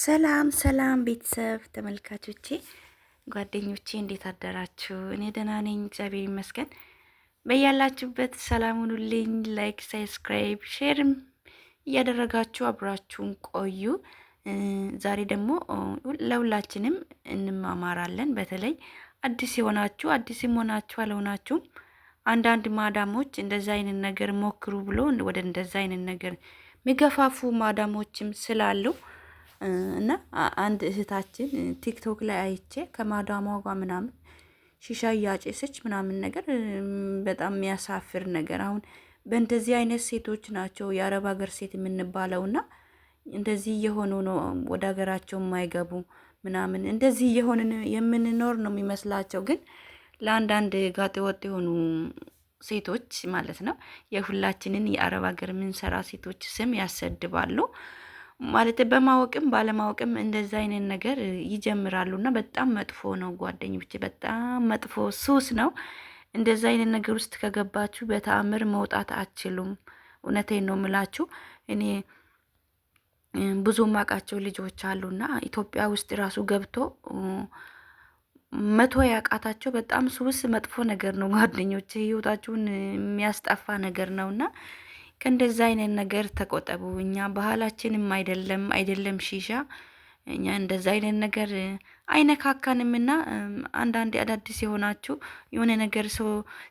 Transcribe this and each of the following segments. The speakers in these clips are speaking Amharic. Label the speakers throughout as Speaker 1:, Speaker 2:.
Speaker 1: ሰላም ሰላም ቤተሰብ ተመልካቾቼ ጓደኞቼ እንዴት አደራችሁ? እኔ ደህና ነኝ፣ እግዚአብሔር ይመስገን። በያላችሁበት ሰላም ሁኑልኝ። ላይክ፣ ሳብስክራይብ፣ ሼርም እያደረጋችሁ አብራችሁን ቆዩ። ዛሬ ደግሞ ለሁላችንም እንማማራለን። በተለይ አዲስ የሆናችሁ አዲስም ሆናችሁ አልሆናችሁም፣ አንዳንድ ማዳሞች እንደዛ አይነት ነገር ሞክሩ ብሎ ወደ እንደዛ አይነት ነገር የሚገፋፉ ማዳሞችም ስላሉ እና አንድ እህታችን ቲክቶክ ላይ አይቼ ከማዳሟ ጋር ምናምን ሺሻ እያጨሰች ምናምን ነገር በጣም የሚያሳፍር ነገር። አሁን በእንደዚህ አይነት ሴቶች ናቸው የአረብ ሀገር ሴት የምንባለው እና እንደዚህ እየሆኑ ነው ወደ ሀገራቸው የማይገቡ ምናምን እንደዚህ እየሆንን የምንኖር ነው የሚመስላቸው። ግን ለአንዳንድ ጋጠ ወጥ የሆኑ ሴቶች ማለት ነው የሁላችንን የአረብ ሀገር የምንሰራ ሴቶች ስም ያሰድባሉ። ማለት በማወቅም ባለማወቅም እንደዛ አይነት ነገር ይጀምራሉ እና በጣም መጥፎ ነው። ጓደኞች በጣም መጥፎ ሱስ ነው። እንደዛ አይነት ነገር ውስጥ ከገባችሁ በተአምር መውጣት አችሉም። እውነቴን ነው የምላችሁ። እኔ ብዙ ማቃቸው ልጆች አሉና ኢትዮጵያ ውስጥ ራሱ ገብቶ መቶ ያቃታቸው በጣም ሱስ መጥፎ ነገር ነው ጓደኞች፣ ህይወታችሁን የሚያስጠፋ ነገር ነውና ከእንደዛ አይነት ነገር ተቆጠቡ። እኛ ባህላችንም አይደለም አይደለም ሺሻ እኛ እንደዚ አይነት ነገር አይነካካንምና አንዳንድ አዳዲስ የሆናችሁ የሆነ ነገር ሰው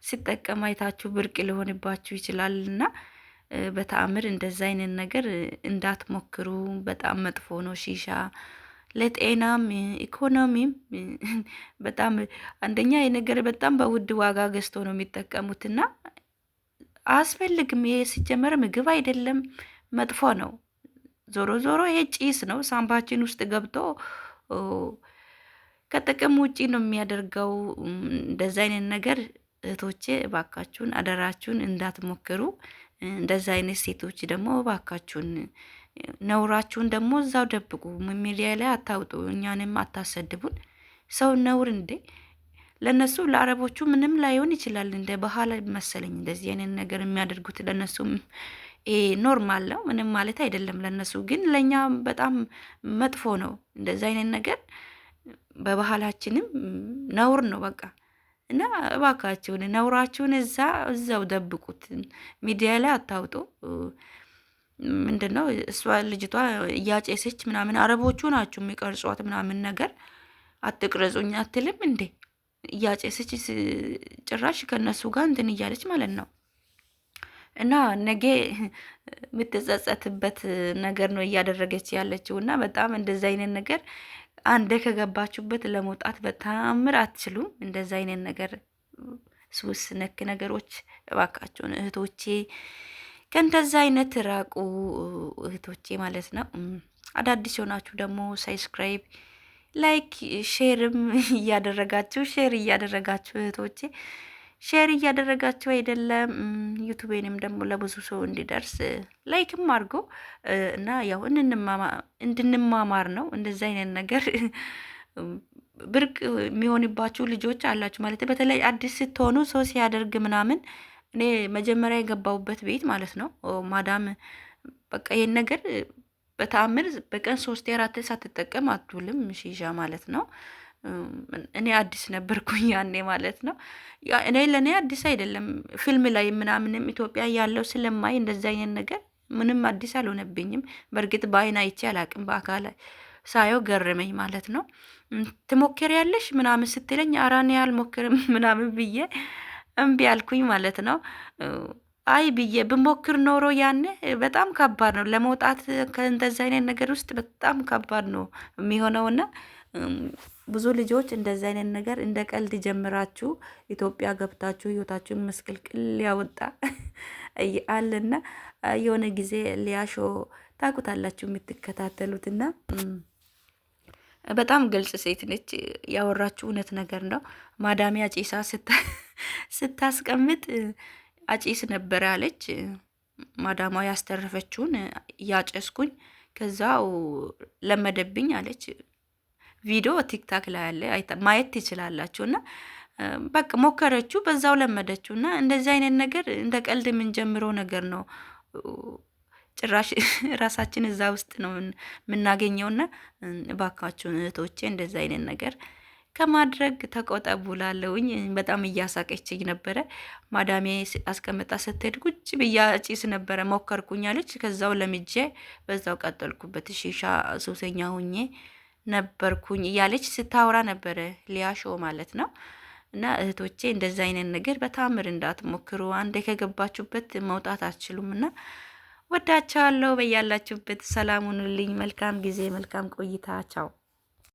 Speaker 1: ሲጠቀም አይታችሁ ብርቅ ሊሆንባችሁ ይችላል እና በተአምር እንደዛ አይነት ነገር እንዳትሞክሩ። በጣም መጥፎ ነው ሺሻ ለጤናም ኢኮኖሚም በጣም አንደኛ የነገር በጣም በውድ ዋጋ ገዝቶ ነው የሚጠቀሙትና አስፈልግም። ይሄ ሲጀመር ምግብ አይደለም፣ መጥፎ ነው። ዞሮ ዞሮ ይሄ ጭስ ነው፣ ሳምባችን ውስጥ ገብቶ ከጥቅም ውጪ ነው የሚያደርገው። እንደዚ አይነት ነገር እህቶቼ እባካችሁን አደራችሁን እንዳትሞክሩ። እንደዚ አይነት ሴቶች ደግሞ እባካችሁን ነውራችሁን ደግሞ እዛው ደብቁ፣ ሚዲያ ላይ አታውጡ፣ እኛንም አታሰድቡን። ሰው ነውር እንዴ! ለነሱ ለአረቦቹ ምንም ላይሆን ይችላል። እንደ ባህል መሰለኝ እንደዚህ አይነት ነገር የሚያደርጉት ለነሱም ኖርማል ነው፣ ምንም ማለት አይደለም ለነሱ። ግን ለእኛ በጣም መጥፎ ነው እንደዚህ አይነት ነገር በባህላችንም ነውር ነው በቃ። እና እባካችሁን ነውራችሁን እዛ እዛው ደብቁት፣ ሚዲያ ላይ አታውጡ። ምንድነው እሷ ልጅቷ እያጨሰች ምናምን አረቦቹ ናችሁ የሚቀርጿት ምናምን ነገር አትቅረጹኝ አትልም እንዴ? እያጨሰች ጭራሽ ከነሱ ጋር እንትን እያለች ማለት ነው። እና ነገ የምትጸጸትበት ነገር ነው እያደረገች ያለችው። እና በጣም እንደዚ አይነት ነገር አንደ ከገባችሁበት ለመውጣት በታምር አትችሉም። እንደዚ አይነት ነገር ሱስ ነክ ነገሮች እባካችሁን እህቶቼ ከእንደዚ አይነት ራቁ እህቶቼ ማለት ነው። አዳዲስ የሆናችሁ ደግሞ ሳብስክራይብ ላይክ ሼርም እያደረጋችሁ ሼር እያደረጋችሁ እህቶቼ ሼር እያደረጋችሁ አይደለም፣ ዩቱቤንም ደግሞ ለብዙ ሰው እንዲደርስ ላይክም አድርጎ እና ያው እንድንማማር ነው። እንደዚ አይነት ነገር ብርቅ የሚሆንባችሁ ልጆች አላችሁ ማለት በተለይ አዲስ ስትሆኑ ሰው ሲያደርግ ምናምን እኔ መጀመሪያ የገባሁበት ቤት ማለት ነው ማዳም በቃ ይህን ነገር በተአምር በቀን ሶስት አራት ሳትጠቀም አትውልም ሺሻ ማለት ነው። እኔ አዲስ ነበርኩኝ ያኔ ማለት ነው። እኔ ለእኔ አዲስ አይደለም። ፊልም ላይ ምናምንም ኢትዮጵያ ያለው ስለማይ እንደዚ አይነት ነገር ምንም አዲስ አልሆነብኝም። በእርግጥ በአይን አይቼ አላቅም፣ በአካል ሳየው ገረመኝ ማለት ነው። ትሞክር ያለሽ ምናምን ስትለኝ አራኔ አልሞክርም ምናምን ብዬ እምቢ አልኩኝ ማለት ነው። አይ ብዬ ብሞክር ኖሮ ያኔ በጣም ከባድ ነው ለመውጣት ከእንደዚህ አይነት ነገር ውስጥ በጣም ከባድ ነው የሚሆነውና ብዙ ልጆች እንደዚህ አይነት ነገር እንደ ቀልድ ጀምራችሁ ኢትዮጵያ ገብታችሁ ህይወታችሁን ምስቅልቅል ያወጣ አለና የሆነ ጊዜ ሊያሾ ታውቁታላችሁ የምትከታተሉትና በጣም ግልጽ ሴት ነች። ያወራችሁ እውነት ነገር ነው። ማዳሚያ ጪሳ ስታስቀምጥ አጭስ ነበር አለች ማዳማ ያስተረፈችውን እያጨስኩኝ ከዛው ለመደብኝ አለች። ቪዲዮ ቲክታክ ላይ ያለ ማየት ትችላላችሁ። እና በቃ ሞከረችው፣ በዛው ለመደችው። እና እንደዚህ አይነት ነገር እንደ ቀልድ የምንጀምረው ነገር ነው። ጭራሽ ራሳችን እዛ ውስጥ ነው የምናገኘውና እባካችሁን እህቶቼ እንደዚህ አይነት ነገር ከማድረግ ተቆጠቡ ላለውኝ በጣም እያሳቀችኝ ነበረ። ማዳሜ አስቀምጣ ስትሄድ ቁጭ ብያ ጭስ ነበረ ሞከርኩኝ አለች። ከዛው ለምጄ በዛው ቀጠልኩበት። ሺሻ ሱሰኛ ሁኜ ነበርኩኝ እያለች ስታወራ ነበረ ሊያሾ ማለት ነው። እና እህቶቼ እንደዛ አይነት ነገር በታምር እንዳትሞክሩ። አንዴ ከገባችሁበት መውጣት አትችሉም። እና ወዳቸዋለሁ። በያላችሁበት ሰላም ሁኑልኝ። መልካም ጊዜ፣ መልካም ቆይታ። ቻው